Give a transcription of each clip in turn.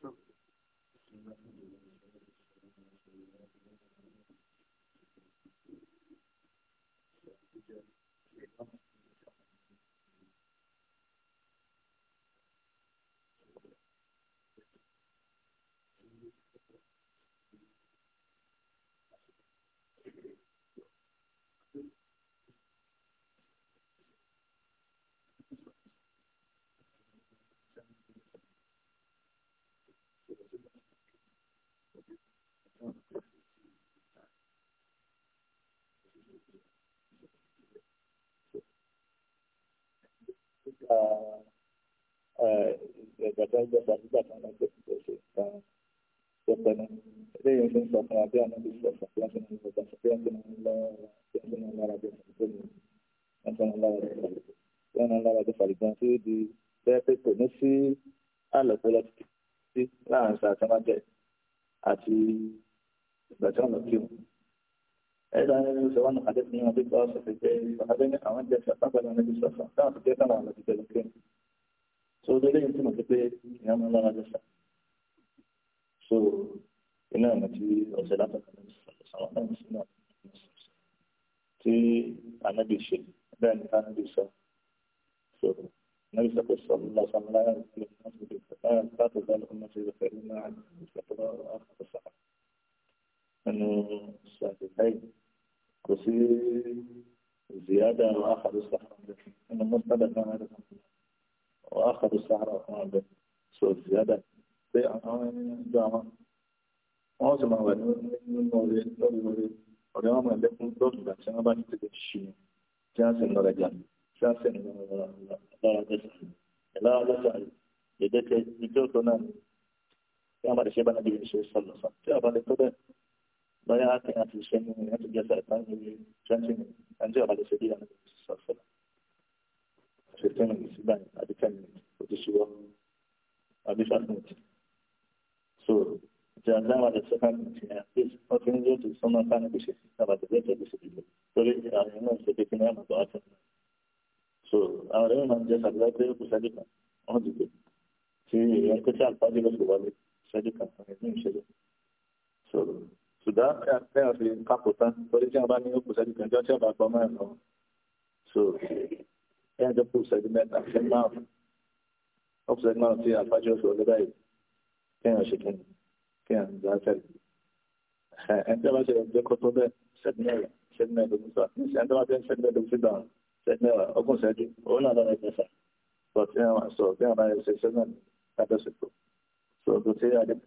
sọ́sàn. Thank you. ìgbàgbọ́ ìjọba nígbà tí wọ́n ti ṣe ṣe nǹkan tó pẹ́ẹ́nà eléyìí ló ń sọ fún wa bí àwọn ìṣe ọ̀sán tí wọ́n ti ń lọ sí ọ̀sán tí wọ́n ti ń lọ sí ọ̀sán tí wọ́n ti ń lọ sí ọ̀sán tí wọ́n ti ń lọ sí ọ̀sán tí wọ́n ti ń lọ sí àlọ́pọ̀lọ́ sí láàrin ìṣàtúnmájẹ àti ìgbà tí wọ́n lọ kí wọn. أيضا النبي صلى الله عليه وسلم حدثني عن ذكر أصف الجاهل فهذين أعوان جاء فقبل النبي صلى الله عليه وسلم كان في كما على ذكر الكريم so dole yin tuma ta kai ya mun lana da sa so ina mace a salata kan sallallahu suna ti anabi shi da ni anabi sa so nabi sa ko sallallahu alaihi wasallam ya ce ta ta da ummati da karima فنادى وأخذ السحرة به إن المصطلح فنادى وأخذ السحرة فنادى سوء الزيادة wọ́n sì máa wà nínú orí lórí orí ọ̀rẹ́ wọn máa lékún lọ́dún àti wọn bá ní tètè ṣe tí wọ́n sì ń lọ́rẹ̀ jà tí wọ́n sì ń lọ́rẹ̀ lẹ́sàn-án ìlànà lẹ́sàn-án ìdẹ́kẹ́ ìjọ́ tó náà tí wọ́n bá lè ṣe bá nàbí ṣe sọ̀lọ̀sọ̀ tí wọ́n bá lè tó bẹ́ẹ̀ lọ́yà á ti àti ṣe ní ẹ̀yìn àti gẹ̀ẹ́sà ìtàn ní twenty minutes ẹni tí ọba lè ṣe bí ìlànà ìṣàṣọlá ṣe ten minutes gbà yẹn so ìjà dáwà lè ṣe five minutes yẹn àti wọ́n fi ń yóò ti sọ́nà fáwọn ibi ṣe so àwọn èèyàn máa ń jẹ́ sàbílá pé ó kù sẹ́dí kan wọ́n dìbò tí èèyàn pé tí àlùfáà ọ̀gá bẹ́ẹ̀ fi kápò tán torí tí wọ́n bá ní ó kù sẹ́dí kan jọ tí wọ́n bá gbọ́ mẹ́rin lọ so ẹ̀ ń jọ kù sẹ́dí mẹ́ta sẹ́dí márùn ó kù sẹ́dí márùn tí àfájọ́ sọ lọ́dọ̀ yìí kéèyàn ṣe kíni kéèyàn ń gbà tẹ̀lé ẹ̀ ń tẹ́ bá ṣe ẹ̀jẹ̀ kó tó bẹ́ẹ̀ sẹ́dí mẹ́rin sẹ́dí mẹ́rin lógún sá ní sẹ́dí mẹ́rin sẹ́dí mẹ́rin lógún sí dáhùn sẹ́dí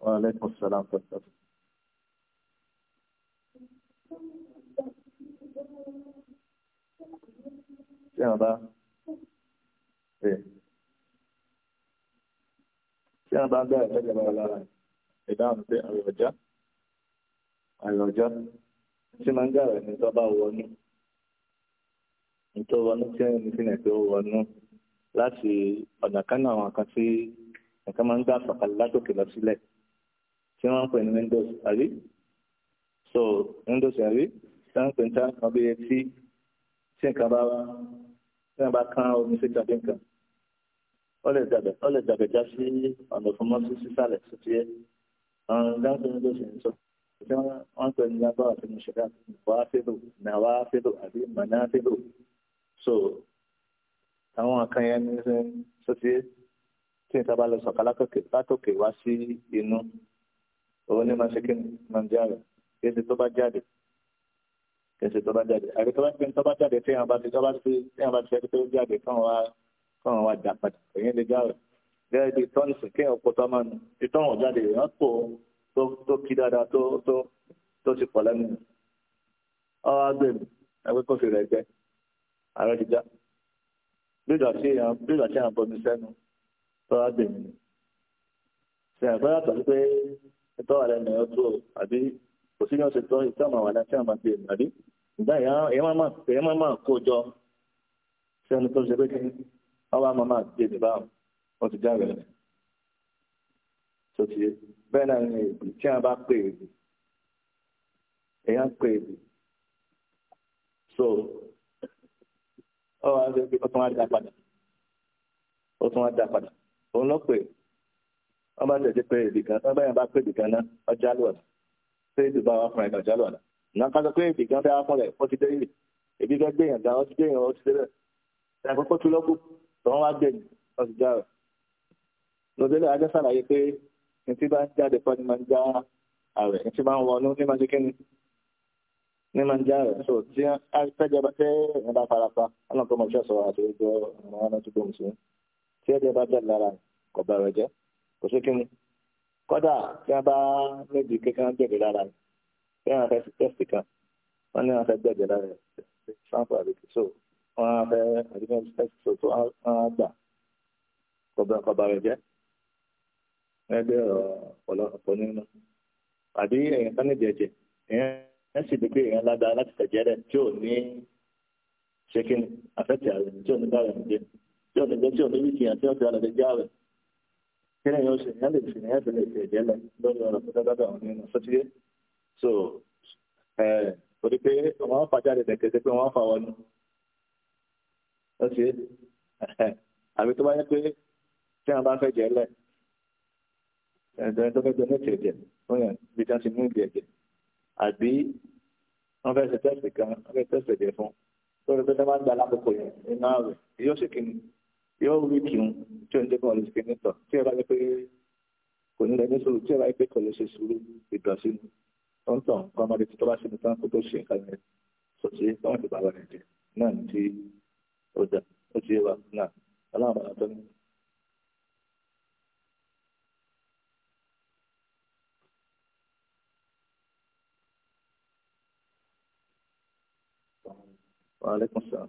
وعليكم السلام ورحمة الله 这样吧，对，这样吧，对，这个来来来，你当时对二家，二家，西门家人，你知道我呢？你做完那些，你现在给我呢？那是本来看到我可是。nǹkan máa ń gbà sọ̀kalẹ̀ látòkè lọ sílẹ̀ tí wọ́n ń pè ní windows àbí so windows àbí tí wọ́n ń pè ní tí wọ́n bí etí tí nǹkan bá wá tí wọ́n bá kán omi sí tàbí nǹkan ó lè dàbẹ̀ ó lè dàbẹ̀ já sí ọ̀nà fún mọ́sí sísàlẹ̀ sí tiẹ̀ ọ̀run dáńtò windows ń sọ tí wọ́n ń pè ní lágbára tí mo ṣẹ̀dá wàá fẹ́lò nà wàá fẹ́lò àbí mọ̀nà fẹ́lò so àwọn àkànyẹn ní sọ tiẹ̀ tí nǹkan bá lọ sọ̀kà látòkè wá sí inú òun ní máa ṣe kí máa jáde kéṣe tó bá jáde kéṣe tó bá jáde àti tó bá gbé tó bá jáde tí àwọn bá ti tó bá ti tí àwọn bá ti ṣe tó jáde káwọn wá káwọn wá dà padà èyí lè jáde gẹ́gẹ́ bí tọ́ni sùn kí ọ̀pọ̀ tó máa nù tí tọ́wọ̀n jáde èèyàn pò tó tó kí dáadáa tó tó tó ti pọ̀ lẹ́nu ọ agbèmí ẹgbẹ́ kófì rẹ̀ gbẹ ààrẹ ti já bí ìgbà tí èèyàn bí ìgbà sẹ́nu tọ́wá bèmí ni ṣe àgbẹ̀ yàtọ̀ sí pé ẹ̀tọ́ rẹ̀ nìyẹn tó àbí kò sí yàn ṣe tọ́ ìtọ́ àmọ́ àwọn aláṣẹ àmọ́ bèmí àbí ìgbà èèyàn máa máa kó jọ ṣé ẹni tó ṣe pé kí wọ́n bá máa máa bèmí báwọn wọ́n ti jáwèé rẹ̀ tó ti yé bẹ́ẹ̀ náà ni tí a bá pè pè so ọ wá ń ṣe pé ó tún wá dá òun lọ pè wọn bá tẹ̀sí pé èdè kan wọn báyìí bá pè èdè kan náà ọjà lù ọ̀nà pé èdè bá wà fún ẹ̀ka ọjà lù ọ̀nà náà ká sọ pé èdè kan fẹ́ wá fún rẹ̀ ó ti dé yìí èdè kan gbé yàn dá ó ti yàn ó ti ẹ̀ àkókò tó lọ́kù tọ́wọ́n wá gbẹ̀yìn ó ti já rẹ̀ lọ́dẹ́lẹ̀ ajá sàlàyé pé ní tí bá ń jáde fọ́ ni máa ń já ààrẹ ní tí bá ń wọnú ní máa ń ṣe kíni ní máa ń já ààrẹ so tí tẹ́jọba tẹ́ ẹ̀ bá farapa ọlọ́pàá mọ̀ ṣọ́ọ̀ṣọ́ àti ìjọ tí ẹ̀jẹ̀ bá jáde lára kò bá rẹ̀ jẹ́ kò sí kíni kódà tí wọ́n bá méjì kékeré jẹ̀dẹ̀ lára tí wọ́n fẹ́ tẹ́sì kan wọ́n ní wọ́n fẹ́ jẹ̀dẹ̀ lára sáǹpù àbíkí so wọ́n fẹ́ àdúgbò tẹ́sì so tó wọ́n gbà kò bá rẹ̀ jẹ́ ẹgbẹ́ ọ̀pọ̀lọpọ̀ nínú àbí èèyàn kan níbi ẹ̀jẹ̀ èèyàn sì dé pé èèyàn lágbára láti tẹ̀jẹ̀ rẹ̀ tí ò ní ṣe kíni àfẹ́tẹ̀ àrùn tí ò ní bá rẹ̀ jẹ́ tí ọ̀dẹ̀ jẹ́ tí ọ̀dẹ̀ yìí kìyàn tí ọ̀dẹ̀ alẹ́ jẹ́ àwẹ̀ kí ni yóò ṣe yẹn lè ṣe yẹn fẹ́lẹ̀ so ẹ̀ torí pé wọ́n fà jáde ni ó ṣe àbí tó bá yẹ pé tí wọn bá fẹ́ jẹ́ lẹ̀ ẹ̀dọ́rin tó fẹ́ jẹ́ lẹ́tì ẹ̀jẹ̀ wọ́n yàn bí tí wọ́n ti mú ìdí ẹ̀jẹ̀ àbí wọ́n fẹ́ ṣe tẹ́sì kan wọ́n fẹ́ tẹ́sì ẹ̀jẹ̀ fún tó rí pé tí Yo, rí kí n tí ò ń jẹ́ kí wọ́n lè ṣe nítọ̀ tí ẹ bá ní pé kò ní lẹ́ni sùúrù tí ẹ bá ní pé kò lè ṣe sùúrù ìdọ̀sí ni tó ń tàn kọ́ ọmọdé tó bá ṣe nìkan ti bàbá rẹ̀ ti ó dà ó ti yé wa náà aláwọ̀ bàbá وعليكم السلام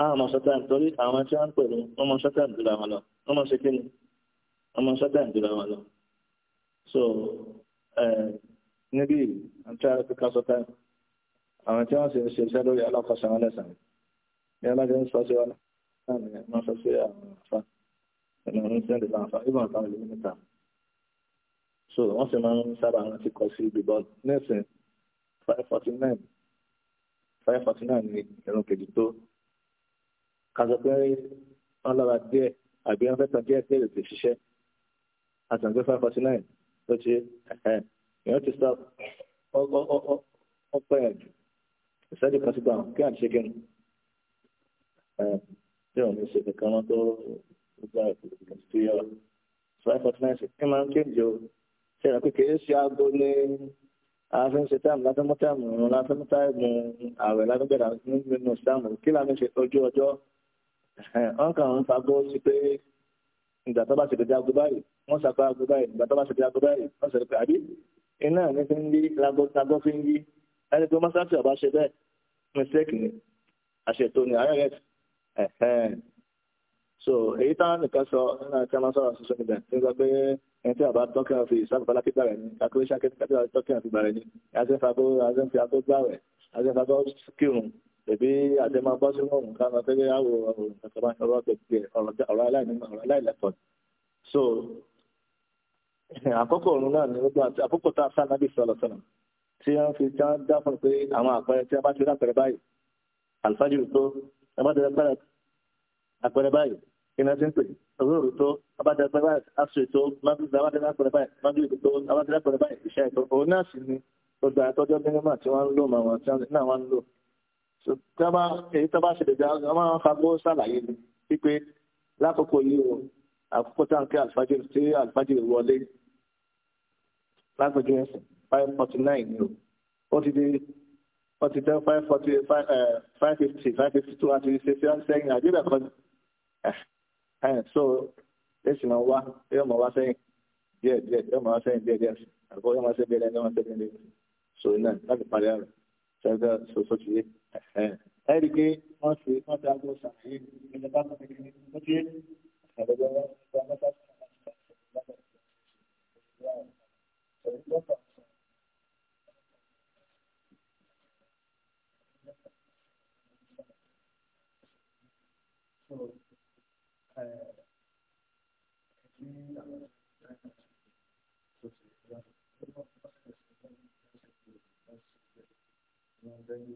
àwọn ọmọ sátán torí àwọn tí wọ́n ń pẹ̀lú ọmọ sátán jùlọ àwọn lọ ọmọ ṣe kí ni ọmọ sátán jùlọ àwọn lọ so níbí àti àfikà sátán àwọn tí wọ́n sì ń ṣiṣẹ́ lórí alákọ̀ọ́sọ àwọn lẹ́sàn-án ní alájẹ́ ń sọ sí wọn náà ní wọ́n sọ sí àwọn àfa ẹ̀nà ọ̀run tí wọ́n lè láǹfà ìbọn àtàwọn ìlú níta so wọ́n sì máa ń sábà rántí kọ sí ibi bọ́ọ̀lù nẹ́ẹ̀sìn five forty nine five forty nine ni ìrùn kejì tó ká sọ pé wọ́n lára díẹ̀ àbí wọ́n fẹ́ tàn díẹ̀ díẹ̀ lè ṣiṣẹ́ àtàgbé five forty nine ló ti èèyàn ti sá ọpẹ́ ẹ̀jù ìṣẹ́jú kan sígbà kí à ń ṣe kíni tí òun ní ṣe kankan wọn tó gba ìpìlẹ̀ tó yọ five forty nine ṣe kí máa ń kéde o ṣe ìrànpẹ́ kì í ṣe aago ní ààfin ṣe táàmù láfẹ́mú táàmù láfẹ́mú táàmù ààwẹ̀ láfẹ́gbẹ̀rẹ̀ nínú táàmù kí láàmú ṣe ojú ọjọ́ wọ́n kàn ń fagbó sí pé ìgbà tó bá ṣe dédé aago báyìí wọ́n ṣàpá aago báyìí ìgbà tó bá ṣe dédé aago báyìí wọ́n ṣe pé àbí iná ní fi ń yí lagbó fi ń yí ẹni tó mọ́sáàsì ọ̀bá ṣe bẹ́ẹ̀ mistake ni àṣetò ni àárẹ̀ rẹ̀ so èyí táwọn nìkan sọ nínú àti ọmọ sọ̀rọ̀ ṣoṣo níbẹ̀ tí ó sọ pé ẹni tí àbá tọ́kẹ́ ọ̀fi ìsáàbùbọ́lá kíkà rẹ̀ ni kakúrẹ́ṣà kíkà tọ́kẹ́ ọ̀fi bàrẹ̀ ni azẹ́fagbó azẹ́fagbó gbà azẹ́fagbó kírun ẹbí àtẹmọ abọ́sí ọ̀hún kan náà tẹ́lẹ̀ àwọ̀ ọ̀hún kàtàbá ọ̀rọ̀ kẹ̀kẹ́ ọ̀rọ̀ aláìlẹ́kọ̀ọ́ so àkókò ọ̀run náà ni gbogbo àti àkókò tá a sá nábì sọ̀rọ̀ sọ̀rọ̀ tí wọ́n fi já dá fún pé àwọn àpẹẹrẹ tí a bá ti rí àpẹẹrẹ báyìí àlùfáàjì rò tó a bá ti rí àpẹẹrẹ báyìí iná ti ń pè òwúrò tó a bá ti rí àpẹẹrẹ báyìí aṣọ ètò mábìlì a bá ti rí àpẹẹrẹ báyìí mábìlì tó a bá ti rí àpẹẹrẹ báyìí iṣẹ́ ètò òun náà sì ni gbogbo àtọ́jọ́ mínímà tí wọ́n ń lò màwọn tí wọ́n ń lò èyí tó bá ṣẹlẹ̀ gan an máa ń fagbó ṣàlàyé ni wípé lákòókò yìí o àkókò tá à ń kí alifájì tí alifájì wọlé lágbèjọ ẹsẹ̀ five forty nine ni o ó ti di ó ti dẹ́ five forty eh, five fifty five fifty two àti fifty one sẹ́yìn àdébẹ̀ kan ẹ̀ so èsì máa wá yóò máa wá sẹ́yìn díẹ̀ díẹ̀ yóò máa wá sẹ́yìn díẹ̀ díẹ̀ àkókò yóò máa sẹ́yìn díẹ̀ díẹ̀ yóò máa sẹ́yìn díẹ̀ so iná láti parí àrùn ṣẹ́gbẹ́ soso ti yé ẹ̀rí pé wọ́n ṣe wọ́n ti aago ṣàlàyé ìjọba bá tún kékeré ó ti ṣàlọ́jọ́ wọn gba mẹ́ta sí ọ̀la ṣàlàyé Thank you.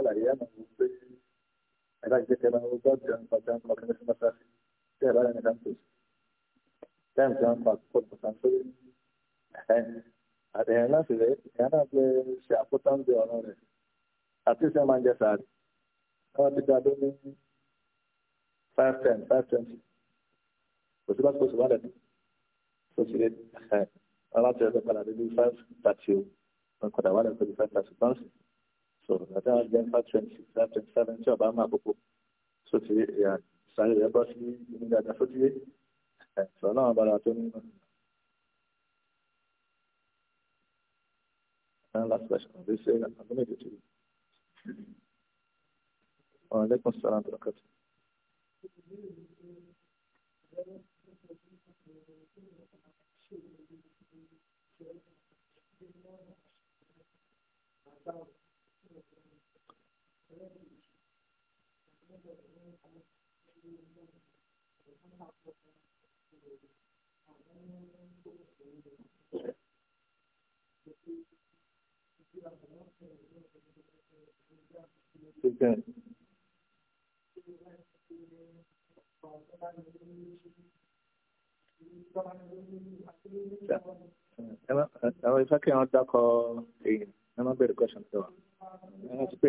ṣàlàyé àmọ́ wò pé ẹ̀ka jẹ́ kẹ́ máa gbọ́ bí wọ́n ń pàtàkì ọmọ kẹ́kẹ́ sí mọ́sáàsì tẹ́ ẹ̀ bá lẹ́nu ká ń tòṣì táìmù tí wọ́n ń pa pọ̀ pọ̀ sáńtó àtẹ̀yìn náà sì rẹ̀ ìyá náà fẹ́ ṣe àpótáǹdé ọ̀rọ̀ rẹ̀ àti ìṣẹ́ máa ń jẹ sàárì wọ́n ti dá ní five ten five twenty kò sí bá kó sì wá lẹ́nu kó sì rẹ̀ ọ̀rọ̀ àti ẹ̀sẹ̀ padà dé bí five thirty o wọ́n padà wá pẹ̀lú five thirty jẹ́ nípa twenty six láti uh, twenty seven tí ọba máa gbogbo so ti ìsàlẹ̀ rẹ̀ bọ́ sí inú dáadáa so ti yé sọ̀rọ̀ náà bára tó nínú. last question ọ̀dọ́ ṣe àgbọ̀n méjì tó yẹ. ọ̀rọ̀ lẹ́kùn sọ̀rọ̀ àbúrò kàtó. Thank you. Again. Ẹ máa ń fẹ́ kí wọ́n dákọ̀ èèyàn. Ẹ máa ń bèrè kọ́ṣọ̀n tó wà. Ẹ máa ti pé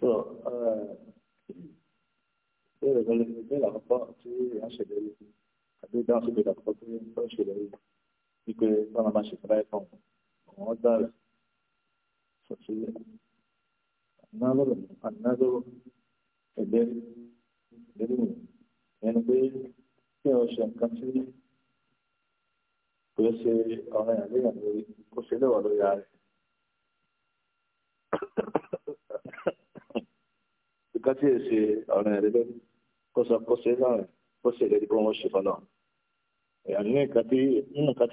so ìbéèrè lórí ìbéèrè àkọ́kọ́ tí a ń ṣèlérí àbí ìdáhùn sí ìbéèrè àkọ́kọ́ tí a ń ṣèlérí wípé báwọn bá ṣe fẹ́ láì fún àwọn dára sọ̀tí ànádọ́rọ̀ ànádọ́rọ̀ ẹgbẹ́ ìlérí mi ẹni pé kí ọ ṣe nǹkan tí kò ṣe ọ̀rọ̀ ìyàlẹ́yà lórí kò ṣe lẹ́wà lórí ara rẹ̀. nǹkan tí èsì ọ̀rìn ẹ̀rí lórí kó sọ kó ṣe náà kó ṣe ìlérí kó wọ́n ṣe fọlọ́ nínú nǹkan tí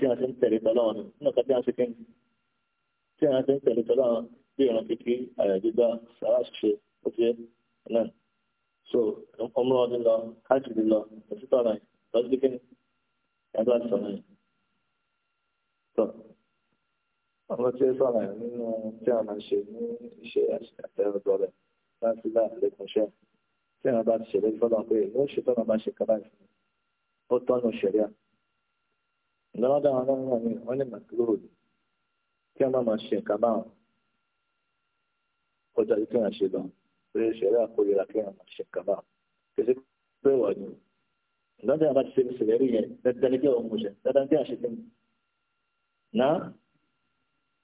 wọ́n ti ń tẹ̀lé tọ́lọ́ nínú nǹkan tí wọ́n ti kí tí wọ́n ti ń tẹ̀lé tọ́lọ́ bí ìran kíkí àyà gbígbà sàrà ṣiṣẹ́ ó ti náà so ọmọ ọdún lọ káàkiri lọ òtítọ́ náà lọ́dún kíkí ẹgbẹ́ àti sọ̀rọ̀ yìí àwọn tí ó sọ̀rọ̀ nínú tí a máa ṣe ní iṣẹ́ àtẹ̀rọ̀dọ́rẹ̀ náfìlà lẹ́kùn ṣẹ́ tí èèyàn bá ti ṣẹlẹ̀ fọlọ́ pé ó ṣe tọ́nà bá ṣe kábàá ìfún mi ó tọ́nà ṣẹlẹ̀ lọ́wọ́ dáhùn lọ́wọ́ mi wọ́n lè màkúrò ní kí wọ́n má máa ṣe nǹkan báwọn ó dájú kí wọ́n ṣe lọ pé ṣẹlẹ̀ àkórira kí wọ́n máa ṣe nǹkan báwọn kì í ṣe pé wà ní lọ́dọ̀ àbá ti ṣe ìṣẹ̀lẹ̀ rí yẹn dandan ní kí wọ́n mú ṣe dandan kí wọ́n ṣe fún mi náà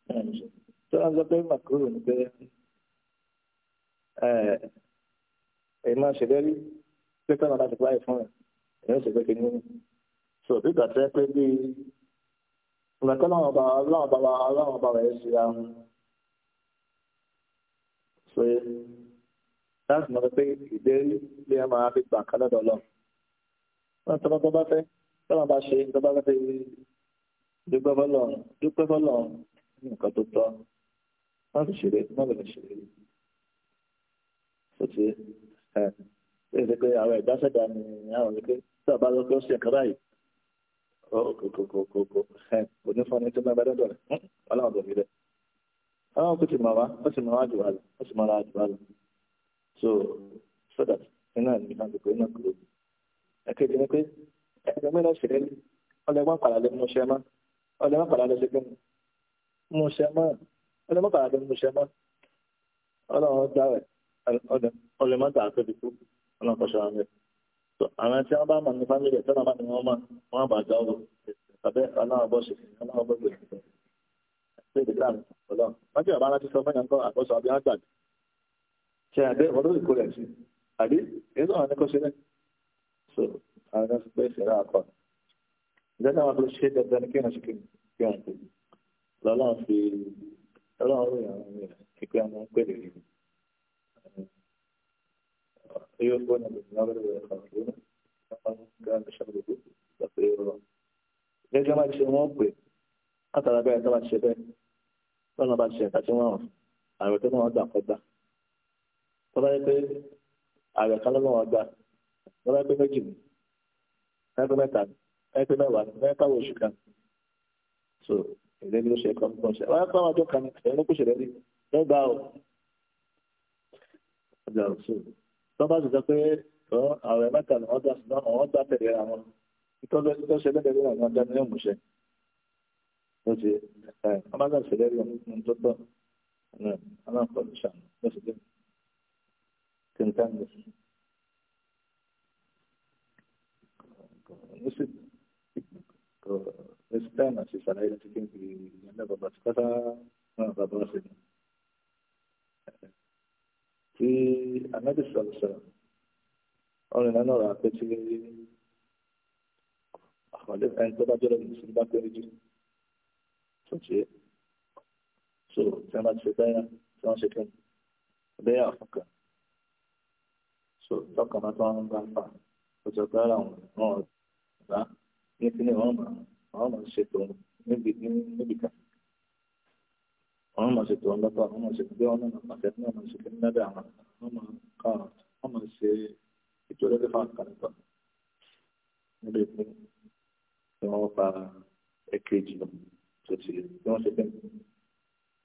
tó ń sọ pé màkúrò ní pé ẹ máa ṣe lẹ́rí pé káwọn bá ti pààyè fún ẹ ẹ̀yìn oṣù pé kìíní so bí ìgbà tẹ́ pé bí ìgbà tẹ́ láwọn bá láwọn bá wa láwọn bá wa ẹ̀ ṣe ya so láti mọ̀ pé ìdérí bí ẹ máa fi gbà kan lọ́dọ̀ lọ wọn tọ́ bá bá fẹ́ tọ́lá bá ṣe tọ́ bá fẹ́ dúpẹ́ fọlọ́run dúpẹ́ fọlọ́run nǹkan tó tọ́ wọ́n ti ṣeré wọ́n lè ṣeré yìí ó ti ẹ ẹ ṣe pé àwọn ìdásẹ́dá ni àwọn ìpè tí ọba lọ pé ó ṣe nǹkan báyìí kòkòkòkòkò ẹ kò ní fún ẹni tó máa bá dọ́dọ̀ rẹ̀ ọlọ́run tó fi dẹ́ ọlọ́run kò ti mọ̀ wá ó sì mọ̀ wá jù wá sì mọ̀ wá jù so so that iná ní ìfàǹdùkú iná kúrò ẹ̀kejì ni pé ẹgbẹ́ mẹ́rin ṣẹlẹ̀ ní ọlẹ́gbọ́n padà lé mú ṣẹ́ mọ́ ọlẹ́gbọ́n padà lé ṣẹ́gbẹ́ mú ṣẹ́ mọ́ ọlẹ́gbọ́n padà lé mú ṣẹ́ mọ́ ọlọ́run dá rẹ̀ ọlẹ́ má dà àtọ́ dìkú ọlọ́run kọ́ ṣọ́ra rẹ̀ àwọn tí wọ́n bá mọ̀ ní fámìlì ẹ̀ tọ́lá bá ní wọ́n mọ̀ wọ́n bá dá ọ̀rọ̀ abẹ́ aláwọ̀ bọ́ ṣe aláwọ̀ bọ́ ṣe ṣe ìdílé àmì ọlọ́run wọ́n ti bàbá aláti sọ fún ẹ̀yàn àkọ́sọ àbí wọ́n ṣe àbẹ́ ọdún rẹ̀ sí àbí èyí tó ní kó ṣe náà يوفون بالنظر ويخافون كان شره بصيرا يا جماعة شو مو بي أتلا بيع تبع الشباب أنا بعد شيء كشو ما أعرف أنا بتكلم عن ده كده طبعا يبي أنا بتكلم عن ده طبعا يبي مجنون هذا ما تاني هذا ما وان ما تاوي شو كان so إذا مين شيء كم كم شيء وأنا كم أتوقع كان أنا كوش رأيي لا داو داو سو tó bá sì sọ pé ààrẹ mẹ́ta ni wọ́n dá sí náà wọ́n dá tẹ̀lé ra wọn ìtọ́jọ́ tó ṣe lẹ́tẹ̀lé ra wọn dání ọ̀mù ṣe ó ti wọ́n bá sì lẹ́rí ọ̀hún tó tọ̀ aláǹkọ̀ ní sàn ló sì dé kìntàǹdì. Esta es la ciudad de la que tiene que ir a la papá, se tí anábì sọ̀rọ̀ sọ̀rọ̀ ọ̀rìn náà nọ̀rọ̀ àpẹtí àkọọ́lẹ̀ ẹni tó bá jọ́rọ̀ mùsùlùmí bá pẹ́rẹ́ jù tó ṣe é so tí wọ́n bá ti ṣe bẹ́ẹ̀ tí wọ́n ṣe kí bẹ́ẹ̀ àfọ̀kàn so tọkàn máa tó wọn bá fà ọjọ́ pé ara wọn náà bá ní kíní wọn máa ṣètò níbi kan wọ́n máa ṣe tòun wọ́n máa ṣe gbé wọn náà pàṣẹ náà máa ṣe kí àwọn wọ́n máa ká wọ́n máa ṣe ètò ẹlẹ́dẹ́ fáwọn kan níbi ìpín tí wọ́n pa èkejì lọ tó ti bí wọ́n ṣe pẹ́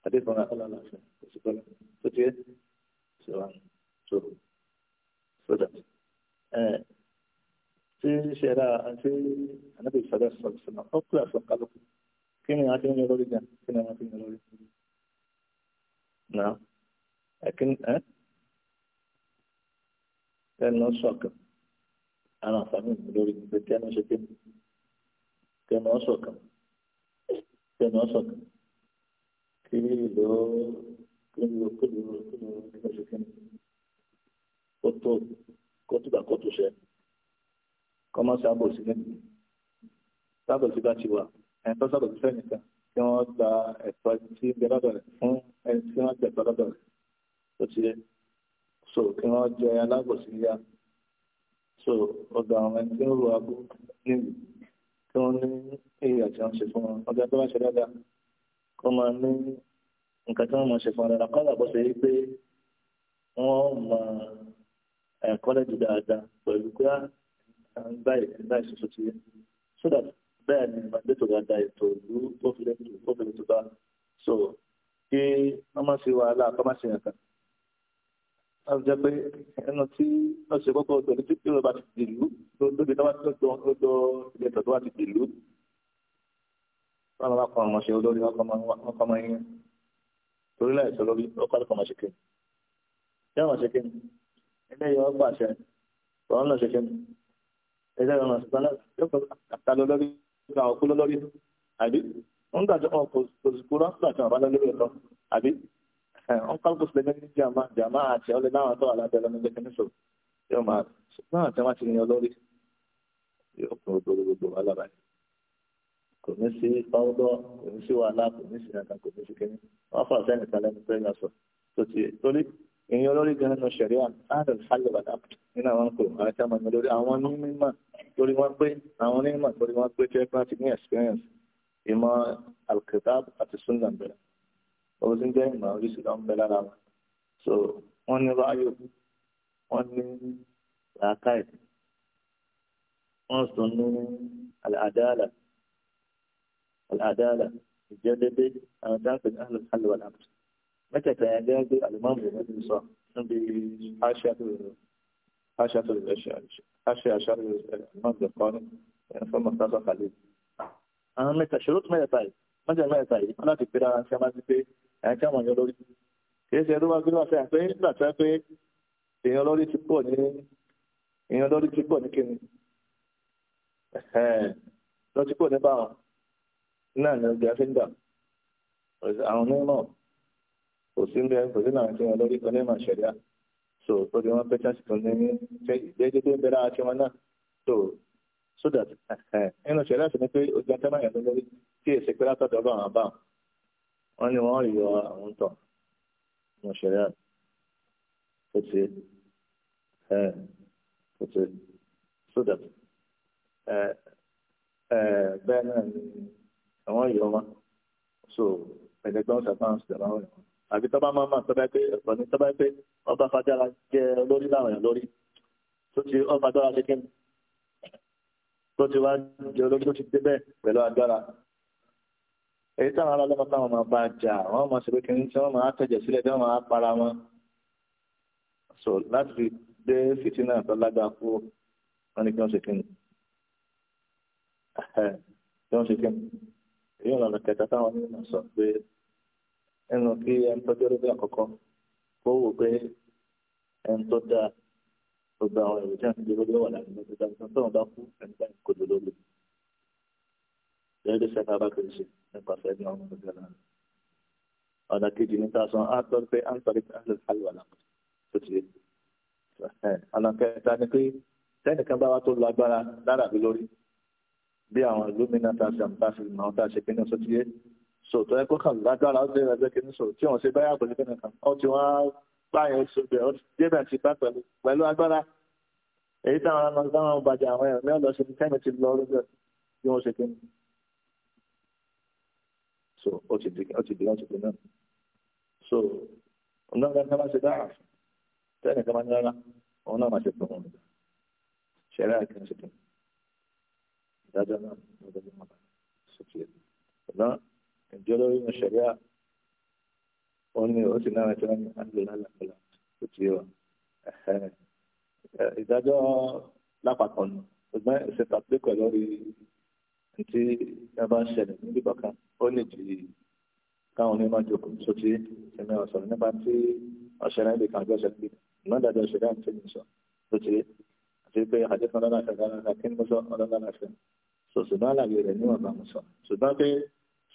àdéhùn alálàáfíà kò sí pẹ́lẹ́ tó ti yẹ ṣe wà tó sódà tí ṣẹlá àti anábìsọdẹ àti ọkàlùkù kí ni a ti kí ni a ń yọ lórí نعم لكن أه؟ كان شاكر أنا فاهم دوري كان شاكر كان شاكر كان شاكر كيلو كيلو كيلو كيلو كيلو شاكر kótó kótó gbà kótó ṣe kọ́mọ́sí abòsí lẹ́nu sábòsí bá ti wà ẹ̀ tó sábòsí fẹ́ nìkan. kí wọ́n gba ẹ̀tọ́ tí ń bẹ lọ́dọ̀ fún ẹni tí wọ́n tó ti so kí wọ́n jẹ alágbòsí yá so ọ̀dọ̀ àwọn ẹni tí ń ro abú níbi kí wọ́n ní èyí àti àwọn wọn ọjọ́ tó bá ṣe dáadáa kó máa ní nǹkan tí wọ́n máa pé wọ́n máa ẹ̀kọ́ lẹ́jọ́ dáadáa pẹ̀lú pé à ah, ń báyìí báyìí ṣoṣo ti yẹ bẹ́ẹ̀ ni ìgbàgbétò dáadáa ètò ìlú tó fi lẹ́yìn tó fi lẹ́yìn tó bá so kí wọ́n má ṣe wàhálà kọ́ má ṣe yàn kan. wọ́n jẹ́ pé ẹnu tí wọ́n ṣe kọ́kọ́ ọ̀dọ̀ ní títí ìrọ̀bà ti dìlú lóbi tó bá ti dọ̀ lọ́dọ̀ ìgbẹ́tọ̀ tó bá ti dìlú. wọ́n máa kọ́ ọmọ ṣe olórí wọ́n kọ́ ọmọ yín torí láì sọ lórí ọkọ̀ ọmọ ṣe kéwì. ṣé ọmọ ṣe kéwì ilé yọ ọgbà ṣẹ ọ̀hún náà ṣe kéwì ilé yọ ọmọ ṣe gba òkú lọ́lọ́rí àbí wọ́n gbàjọ ọ̀ kòsìkò ránṣẹ́ àti àbá lọ́lọ́rí ọ̀tọ́ àbí wọ́n kálukú sílẹ̀ ní jàmá jàmá àti ọ̀lẹ́ náà tó àlàbẹ̀ lọ́nà ẹgbẹ́ kẹ́míṣọ yóò máa ṣùgbọ́n àti wọn ti yan ọlọ́rí yóò kún gbogbogbò alábàáyé kò ní sí ọ̀dọ́ kò ní sí wàhálà kò ní sí nàkà kò ní sí kẹ́mí wọ́n fà sẹ́yìn kalẹ́ ní pẹ́ẹ́lá sọ tó ti torí èèyàn lórí gan-an nù ṣẹ̀rí àdàlù hálẹ̀ bàtà nínú àwọn kò àti àmàlà lórí àwọn onímọ̀ lórí wọn pé àwọn onímọ̀ lórí wọn pé tí wọ́n ti experience Ima alkitab àti sunna bẹ̀rẹ̀ òun ti ń jẹ́ ìmọ̀ oríṣi lọ́n bẹ lára wọn so wọ́n ní ráyò wọ́n ní làákàyè wọ́n sì tún ní àdáàlà àdáàlà ìjẹ́dédé àwọn táǹkì ní àlùfáà lọ́wọ́ mẹ́tẹ̀ẹ̀ta yẹn gẹ́gẹ́ bí alimami rẹ̀ ti sọ níbi aṣáájú rẹ̀ ṣe aṣáájú rẹ̀ alimami rẹ̀ kọ́ ní fọ́ọ̀mù sábà kàlẹ́. àwọn mẹ́ta ṣòro tó mẹ́tẹ̀ẹ̀ta yìí mẹ́tẹ̀ẹ̀ta mẹ́tẹ̀ẹ̀ta yìí wọ́n láti pé dára sí ọmọ sí pé ẹ̀yìn káwọn èèyàn lórí. kì í ṣe ẹni wá gbé wáṣẹ àpé nígbà tó yẹ pé èèyàn lórí kò sí ń bẹ kò sí náà tí wọn lórí kan ní màṣẹríà so tó di wọn pé chance kan ní déédéé tó ń bẹ lára tí wọn náà so so that ẹnu ṣẹlẹ̀ àti ní pé ojú ọjọ́ báyìí ló lórí tí èsì pé látọ̀dọ̀ bá wọn bá wọn ni wọn yọ àwọn tọ ẹnu ṣẹlẹ̀ àti ó ti ẹ eh, so that ẹ eh, ẹ eh, bẹ́ẹ̀ náà ni àwọn yọ wọn so ẹdẹgbẹ̀rún sàpáǹsì dàbáwọn yọ àbí tọ́ba máa máa tọ́ba pé ọ̀ní tọ́ba pé ọba fadára jẹ́ olórí láwọn èèyàn lórí tó ti ọba dára ṣe kíni tó ti wá jẹ́ olórí tó ti dé bẹ́ẹ̀ pẹ̀lú agbára èyí táwọn ará ọlọ́mọ táwọn máa bá jà wọ́n máa ṣe pé kíni tí wọ́n máa tẹ̀jẹ̀ sílẹ̀ tí wọ́n máa para wọn so láti fi dé fìtínà tó lágbára kú wọn ni kí wọ́n ṣe kíni kí wọ́n ṣe kíni èyí ọ̀nà ẹnu kí ẹni tó jẹ́ rúbí àkọ́kọ́ kó wò pé ẹni tó dáa gbogbo àwọn èrò tí a ti di lórí wà láti lọ́dún dáa tó ń bá kú ẹni bá kò lè lórí. Ìyẹ́dẹ́ sẹ́ka bá kiri ṣe nípasẹ̀ ní ọmọ ọdún náà. Ọ̀nà kejì ní tàṣán á tọ́ pé à ń sọ̀rọ̀ pé à ń lè sáré wà lápò tó ti yé. Ọ̀nà kẹta ni pé tẹ́nìkan bá wa tó lo agbára lára mi lórí bí àwọn ìlú mi náà tàṣán bá fi mọ̀ ọ́n tàṣe pé ní so tó yẹ kó kàn lágbára ó bẹ̀rẹ̀ ẹgbẹ́ kìíní so tí wọ́n ṣe báyà pẹ̀lú kẹ́kẹ́ kan ó ti wọ́n bá yẹn so bẹ̀ ó débẹ̀ ti bá pẹ̀lú pẹ̀lú agbára èyí táwọn ọmọ táwọn bàjẹ́ àwọn ẹ̀rọ mẹ́rin lọ sí kẹ́mi ti lọ rúbẹ̀ bí wọ́n ṣe kí ni so ó ti di ó ti di ó ti di náà so ọ̀nà kan kan máa ṣe dáhà tẹ́lẹ̀ kan máa ń rárá òun náà máa ṣe pọ̀ wọn ṣẹlẹ̀ àìkàn ṣe pọ̀ ìdájọ́ náà ló dé ìjọba nínú ṣẹ̀ríà wọn ni ó sì náà tí wọ́n ní àdúrà lálàkọ́lá tó ti wà ìdájọ́ lápapọ̀ nù ṣùgbọ́n ìṣètàpékọ̀ lórí tí ẹ bá ń ṣẹlẹ̀ níbi kankan ó lè di káwọn onímọ̀ jókòó tó ti ẹ̀mí ọ̀sọ̀rọ̀ nípa tí ọ̀ṣẹ̀rẹ̀ níbi kan gbọ́ṣẹ̀ níbi ìmọ̀ ìdájọ́ ọ̀ṣẹ̀rẹ̀ àti ẹ̀mí sọ tó ti àti pé àdéhùn ọlọ́lá àfẹ́ dáadáa kí ni mo sọ ọlọ́lá àfẹ́ sọ̀sùnmọ́ àlàyé rẹ̀ níwọ̀n bá mo sọ ṣùgbọ́n pé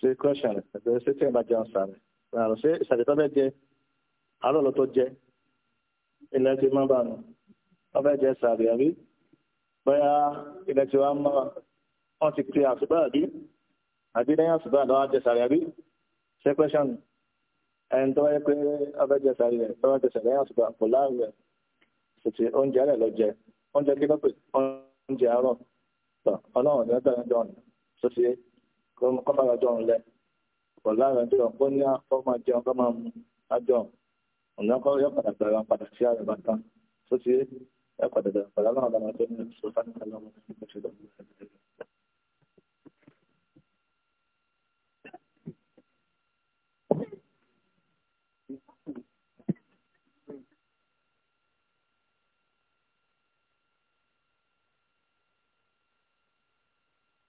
ṣe kọ́ṣà rẹ̀ ẹgbẹ́ ṣé tí ẹ bá jẹun sàrẹ̀ àrùn ṣé ìsàlẹ̀ tó fẹ́ jẹ àárọ̀ lọ tó jẹ ilẹ̀ ti má bàánù wọ́n fẹ́ jẹ sàrẹ̀ àbí bóyá ilẹ̀ ti wá mọ́ wọn ti pe àṣùbà àbí àbí lẹ́yìn àṣùbà lọ́wọ́ jẹ sàrẹ̀ àbí ṣé kọ́ṣà nù ẹni tó wáyé pé ọfẹ́ jẹ sàrẹ̀ rẹ̀ tó wá jẹ sàrẹ̀ lẹ́yìn àṣùbà kò láàrú rẹ̀ ṣètì kọ́ máa jọ òun lẹ kò láàrin jọ kó ní kó máa jẹun kó máa mú ájọ ọ̀nà kọ́ yọ padà gbà wọn padà sí àrùn bàtà tó ti yẹ padà gbà wọn padà láwọn ọ̀dà máa tó ní sọ́fà nípa lọ́wọ́